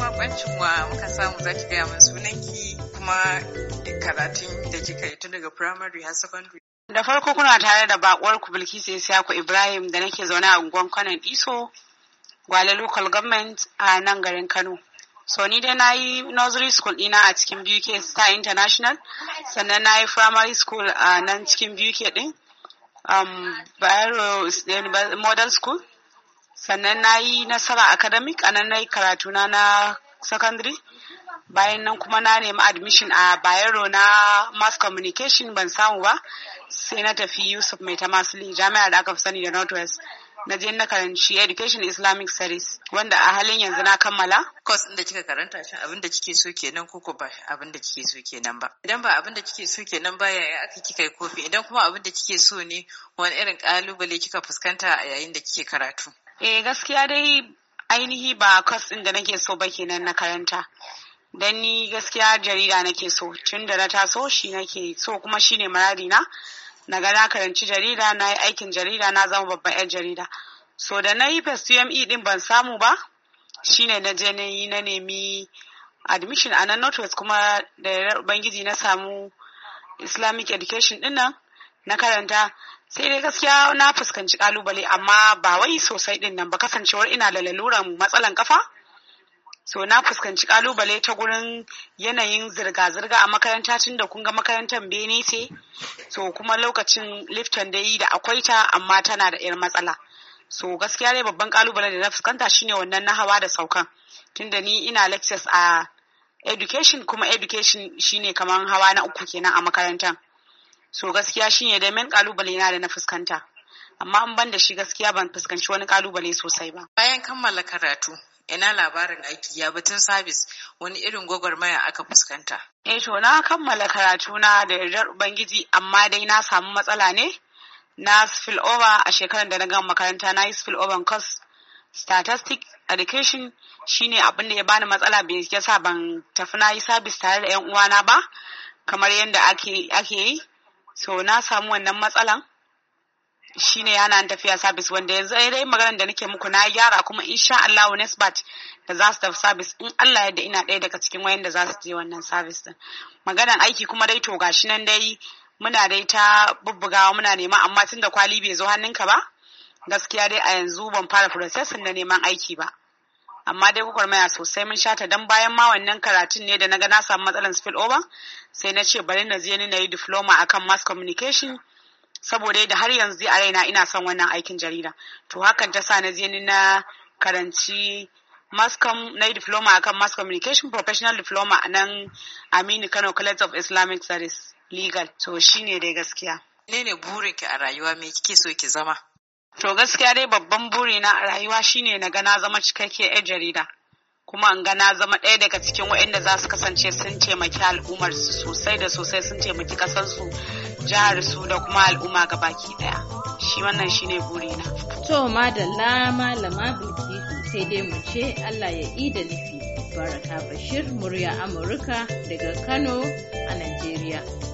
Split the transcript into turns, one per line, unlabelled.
bakoncin wa muka samu za ki gaya min sunanki kuma karatun da kika yi tun daga primary har secondary.
Da farko kuna tare da bakwar ku Bilkisu Isiyaku Ibrahim da nake zaune a unguwan Kwanan Iso, Gwale Local Government a nan garin Kano. So ni dai na yi nursery school ɗina a cikin BUK Star International, sannan na yi primary school a nan cikin BUK ɗin, um, Bayero Model School, sannan na yi nasara academic anan na yi karatuna na secondary bayan nan kuma na nemi admission a bayero na mass communication ban samu ba sai na tafi yusuf mai ta tamasili jami'ar da aka fi sani da northwest na je na karanci education islamic studies wanda a halin yanzu na kammala course din da kika karanta shi abin da kike so kenan ko
ko ba abin kike so kenan ba idan ba abin kike so kenan ba yaya aka kika yi kofi idan kuma abin kike so ne wani irin kalubale kika fuskanta a yayin da kike karatu
Eh gaskiya dai ainihi ba kwas ɗin da nake so ba kenan na karanta. Dan ni gaskiya jarida nake so tun da na taso shi nake so kuma shine maradi na. Na ga na karanci jarida na yi aikin jarida na zama babban 'yan jarida. So da na yi Fes UME ɗin ban samu ba shine na je na yi na nemi admission a nan Northwest kuma da Ubangiji na samu Islamic Education din nan na karanta sai dai gaskiya na fuskanci kalubale amma ba wai sosai din nan ba kasancewar ina da laluran matsalan kafa so na fuskanci kalubale ta gurin yanayin zirga-zirga a makaranta tun da kun ga makarantar bene ce so kuma lokacin lifton da yi da akwai ta amma tana da yar matsala so gaskiya dai babban kalubale da na fuskanta shine wannan na hawa da saukan tunda ni ina lectures a education kuma education shine kamar hawa na uku kenan a makarantar so gaskiya shine dai min kalubale na da na fuskanta amma an ban da shi gaskiya ban fuskanci wani kalubale sosai ba
bayan kammala karatu ina labarin aiki ya batun sabis wani irin gwagwarmaya aka fuskanta
E, to na kammala karatu na da yardar ubangiji amma dai na samu matsala ne na spill over a shekarar da na gama makaranta na yi spill over course statistic education shine abin da ya bani matsala bai yasa ban tafi na yi sabis tare da yan uwana ba kamar yadda ake yi so na samu wannan matsalan shine yana tafiya sabis wanda yanzu dai maganar da nake muku na gyara kuma insha Allah next bat da za su tafi sabis in Allah yadda ina ɗaya daga cikin wayan da za su je wannan sabis din maganar aiki kuma dai to gashi nan dai muna dai ta bubbugawa muna nema amma tunda kwali bai zo hannunka ba gaskiya dai a yanzu ban fara processing na neman aiki ba amma dai gwagwarmaya sosai mun shata dan bayan ma wannan karatun ne da na ga na samu matsalan spill over sai na ce bari na je ni na yi diploma akan mass communication saboda da har yanzu a raina ina son wannan aikin jarida to hakan ta sa na je ni na karanci mass com na yi diploma akan mass communication professional diploma a nan aminu kano college of islamic studies legal to shine dai gaskiya ne ne burinki a rayuwa me kike so ki zama To gaskiya dai babban burina a rayuwa shine na gana zama cikakke 'yar jarida. kuma in gana zama ɗaya daga cikin waɗanda za su kasance sun taimaki al'ummar su sosai da sosai sun taimaki ƙasar su jihar su da kuma al'umma ga baki ɗaya shi wannan shine burina
to madalla malama bilkisu sai dai mu ce Allah ya yi da nufi baraka bashir murya amurka daga kano a najeriya